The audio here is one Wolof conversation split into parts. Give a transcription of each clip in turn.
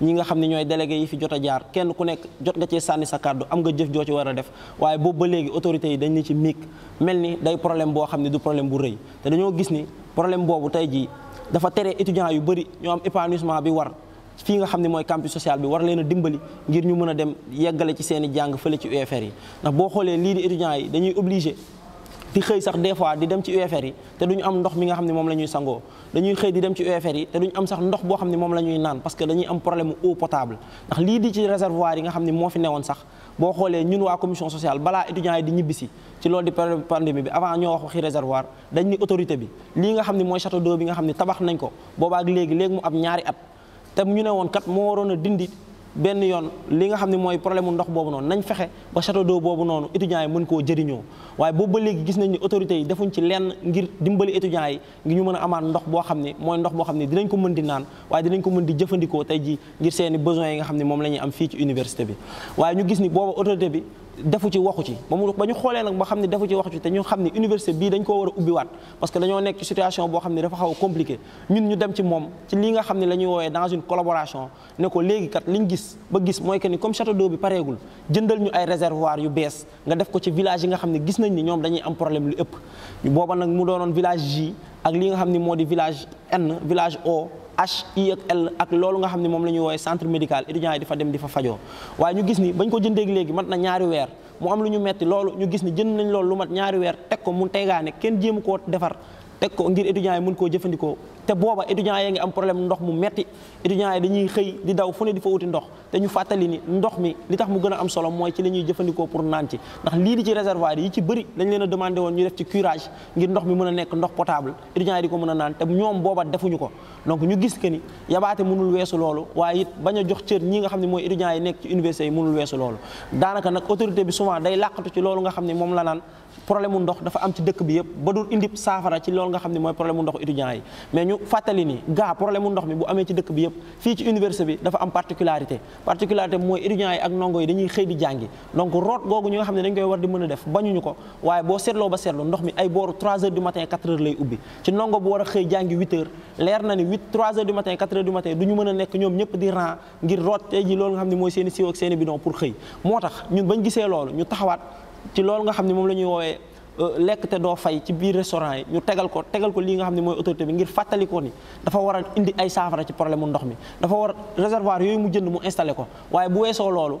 ñi nga xam ne ñooy délégué yi fi jot a jaar kenn ku nekk jot nga cee sànni sa kàddu am nga jëf joo ci war a def waaye boobu ba léegi autorités yi dañu ne ci miig mel ni day problème boo xam ne du problème bu rëy te dañoo gis ni problème boobu tey jii dafa tere étudiants yu bëri ñoo am épanouissement bi war fii nga xam ne mooy campus social bi war leen a dimbali ngir ñu mën a dem yeggale ci seen i jàng fële ci UFR yi ndax boo xoolee lii di étudiants yi dañuy di xëy sax des fois di dem ci UFR yi te duñu am ndox mi nga xam ne moom la ñuy sangoo dañuy xëy di dem ci UFR yi te duñu am sax ndox boo xam ne moom la ñuy naan parce que dañuy am problème eau potable ndax lii di ci réservoir yi nga xam ne moo fi newoon sax boo xoolee ñun waa commission sociale balaa étudiants yi di ñibbisi ci loolu di pandémie bi avant ñoo wax waxi réservoir dañ ni autorité bi lii nga xam ne mooy château d'eau bi nga xam ne tabax nañ ko boobaak léegi léegi mu am ñaari at te ñu ne woon kat moo waroon a dindi benn yoon li nga xam ne mooy problème ndox boobu noonu nañ fexe ba château d'eau boobu noonu étudiants yi mën koo jëriñoo waaye boobu ba léegi gis nañ ni autorités yi defuñ ci lenn ngir dimbali étudiants yi ngir ñu mën a amaan ndox boo xam ne mooy ndox boo xam ne dinañ ko mën di naan waaye dinañ ko mën di jëfandikoo tey ji ngir seeni besoins yi nga xam ne moom la ñuy am fii ci université bi waaye ñu gis ni booba autorité bi dafu ci waxu ci ba mu ba ñu ba xamni dafu ci waxu ci te ñu xamni université bi dañ ko wara a wat parce que dañu nekk ci situation bo xamni dafa xaw compliqué ñun ñu dem ci mom ci li nga xamni ne la dans une collaboration ne ko légui kat liñ gis ba gis moy que ni comme château d'eau bi parégul jëndal ñu ay réservoir yu bees nga def ko ci village yi nga xamni gis nañ ni ñom dañuy am problème lu ëpp booba nak mu doonon village J ak li nga xamni modi village N village O HI ak L ak loolu nga xam ne moom la ñuy woowee centre médical étudiants dafa dem di fa fajoo waaye ñu gis ni bañ ko jëndee léegi mat na ñaari weer mu am lu ñu metti loolu ñu gis ni jënd nañ loolu lu mat ñaari weer teg ko mu tegaane kenn jéem koo defar teg ko ngir étudiants yi mën koo jëfandikoo te booba étudiants yi ngi am problème ndox mu metti étudiants yi dañuy xëy di daw fu ne di fa wuti ndox te ñu fàttali ni ndox mi li tax mu gën a am solo mooy ci la ñuy jëfandikoo pour naan ci ndax lii di ci réservoir yi ci bëri dañ leen a demandé woon ñu def ci curage ngir ndox mi mën a nekk ndox potable étudiants yi di ko mën a naan te ñoom booba defuñu ko donc ñu gis que ni yabaate mënul weesu loolu waaye it bañ a jox cër ñi nga xam ne mooy étudiants yi nekk ci université yi mënul weesu loolu daanaka nag autorité bi souvent day làqatu ci loolu nga xam ne la naan problème mu ndox dafa am ci dëkk bi yëpp ba dul indi ci loolu nga xam ne mooy problème mu ndox étudiants yi fàttali ni gaa problème mu ndox mi bu amee ci dëkk bi yëpp fii ci université bi dafa am particularité particularité mooy étudiants yi ak ndongo yi dañuy xëy di jàngi donc root googu ñi nga xam ne dañ koy war di mën a def bañuñu ko waaye boo seetloo ba seetloo ndox mi ay booru 3 heures du matin 4 heures lay ubbi ci ndongo bu war a xëy jàngi 8 heures leer na ni 8 3 heures du matin 4 heures du matin du ñu mën a nekk ñoom ñëpp di rang ngir nga xam ne mooy seen i Euh, lekk te doo fay ci biir restaurant yi ñu tegal ko tegal ko li nga xam ne mooy autorité bi ngir fàttali ni dafa war a indi ay saafara ci problème ndox mi dafa war réservoir yooyu mu jënd mu installé ko waaye bu weesoo loolu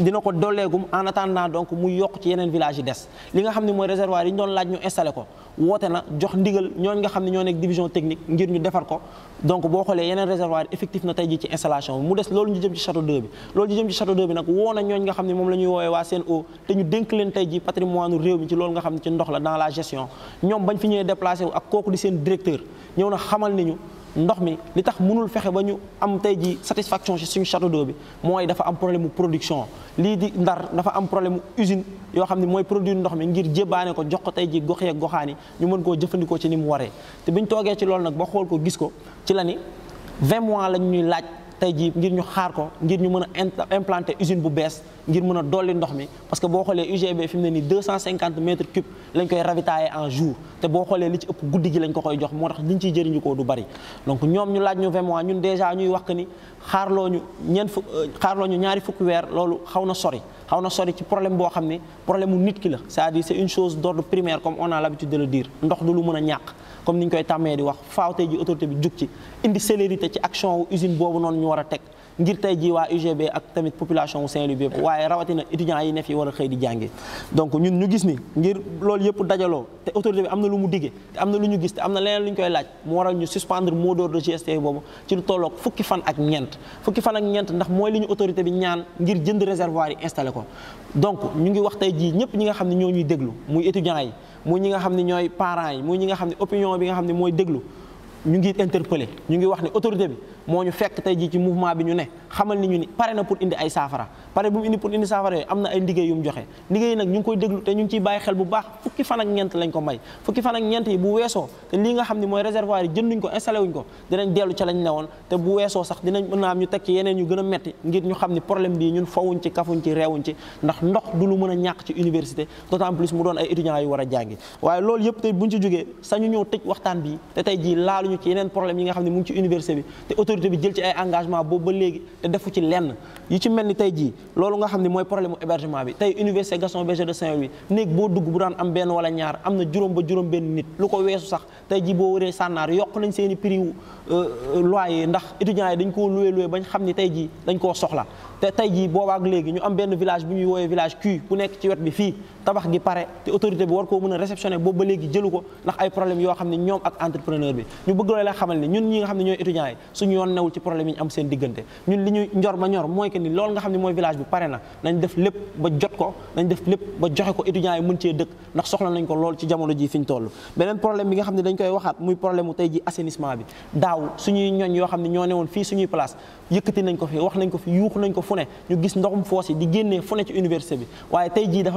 dina ko dolleegum en attendant donc mu yokk ci yeneen village yi des li nga xam ne mooy réservoir yi ñu doon laaj ñu installé ko woote na jox ndigal ñooñ nga xam ne ñoo nekk division technique ngir ñu defar ko donc boo xoolee yeneen réservoir yi effectif na tey ji ci installation mu des loolu ñu jëm ci château 2 bi loolu ñu jëm ci château 2 bi nag woo na ñooñ nga xam ne moom la ñuy woowee waa Sen'Eau te ñu dénk leen tey ji patrimoine réew mi ci ñu ndox mi li tax mënul fexe ba ñu am tey ji satisfaction ci suñu château d'eau bi mooy dafa am problème mu production lii di ndar dafa am problème mu usine yoo xam ne mooy produit ndox mi ngir jébaane ko jox ko tey ji goxee yeeg yi ñu mën koo jëfandikoo ci ni mu waree te bi ñu toogee ci loolu nag ba xool ko gis ko ci la ni vingt mois lañ ñuy laaj tayji ngir ñu xaar ko ngir ñu mëna implanter usine bu bees ngir mëna doli ndox mi parce que bo xolé UGB fi mu ne 250 mètres cubes lañ koy ravitailler en jour té bo xolé li ci ëpp guddi gi lañ ko koy jox motax tax ci jëriñu ko du bari donc ñom ñu laaj ñu 20 mois ñun déjà ñuy wax ni xaar loñu ñen euh, xaar loñu ñaari fukk weer lolu xawna sori xawna sori ci problème bo xam problème nit ki la c'est-à-dire c'est une chose d'ordre primaire comme on a l'habitude de le dire ndox du lu mëna ñaq comme ni ñu koy tàmmee di wax faaw tey ji autorité bi jug ci indi célérité ci action wu usine boobu noonu ñu war a teg ngir tey ji waa UGB ak tamit population wu Saint-Louis bépp waaye rawatina étudiants yi ne fi war a xëy di jàngi donc ñun ñu gis ni ngir loolu yëpp dajaloo te autorité am na lu mu diggee am na lu ñu gis te am na leneen lu ñu koy laaj mu waral ñu suspendre mot d'ordre de GST boobu fan ak ñeent fukki fan ak ñeent ndax mooy li ñu autorité bi ñaan ngir jënd réservoir yi installé ko donc ñu ngi wax tey jii ñëpp ñi nga xam ne ñoo ñuy déglu muy étudiants yi mu ñi nga xam ne ñooy parent yi mu ñi nga xam ne opinion bi nga xam ne mooy déglu ñu ngi interpellé ñu ngi wax ne autorité bi moo ñu fekk tey jii ci mouvement bi ñu ne xamal ni ñu ni pare na pour indi ay saafara pare bu mu indi pour indi saafara yooyu am na ay liggéey yu mu joxe liggéey nag ñu ngi koy déglu te ñu ngi ko may fukki nga xam ne mooy réservoir yi jënduñ ko installé wuñ ko dinañ dellu ca lañ newoon te bu weesoo sax dinañ mën naa am ñu teg ci yeneen yu gën a metti ngir ñu xam ni problème bii ñun fawuñ ci kafuñ ci reewuñ ci ndax ndox du lu mën a ñàkk ci université d'autant plus mu doon ay étudiants yu war a jàngi waaye loolu yëpp tey buñ ci ñëw tëj waxtaan bi te tey jii laaluñu ci yeneen problème yi nga xam ne mu ngi ci université autorité bi jël ci ay engagement boobu ba léegi te defu ci lenn yu ci mel ni tey jii loolu nga xam ne mooy problème hébergement bi tey université Gaston Berger de Saint-Louis néeg boo dugg bu daan am benn wala ñaar am na juróom ba juróom benn nit lu ko weesu sax tey jii boo wëree sànnaar yokk nañ seen i prix euh, euh, loyer ndax étudiants yi dañ koo loué loué bañ xam ni tey jii dañ koo soxla te tey jii boobaak léegi ñu am benn village bu ñuy woowee village Q bu nekk fii tabax gi pare te autorité bi war koo mën a réceptionner boobu ba léegi jëlu ko ndax ay problème yoo xam ne ñoom ak entrepreneur bi ñu bëgg loo la xamal ni ñun ñi nga xam ne ñooy étudiants yi suñu yoon newul ci problème yi nga xam ne mooy na def lépp ba jot ko nañ def lépp ba joxe ko étudiants yi mën cee dëkk ndax soxla nañ ko lool ci jamono ji fi ñu beneen problème bi nga xam ne dañ koy waxaat muy problème tey ji assainissement bi daaw suñuy ñooñ yoo xam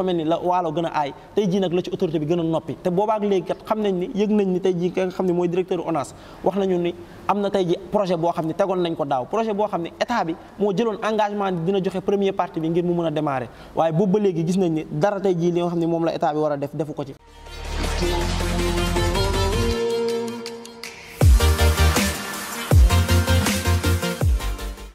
ne waalo gën a aay tey jii nag la ci autorité bi gën a noppi te boobaak léegi kat xam nañ ni yëg nañ ni tey jii ka xam ne mooy directeur ONAS wax nañu ni am na tey ji projet boo xam ne tegoon nañ ko daaw projet boo xam ne état bi moo jëloon engagement dina joxe premier partie bi ngir mu mën a démarrer waaye boobu ba léegi gis nañ ni dara tey jii li nga xam ne moom la état bi war a def defu ko ci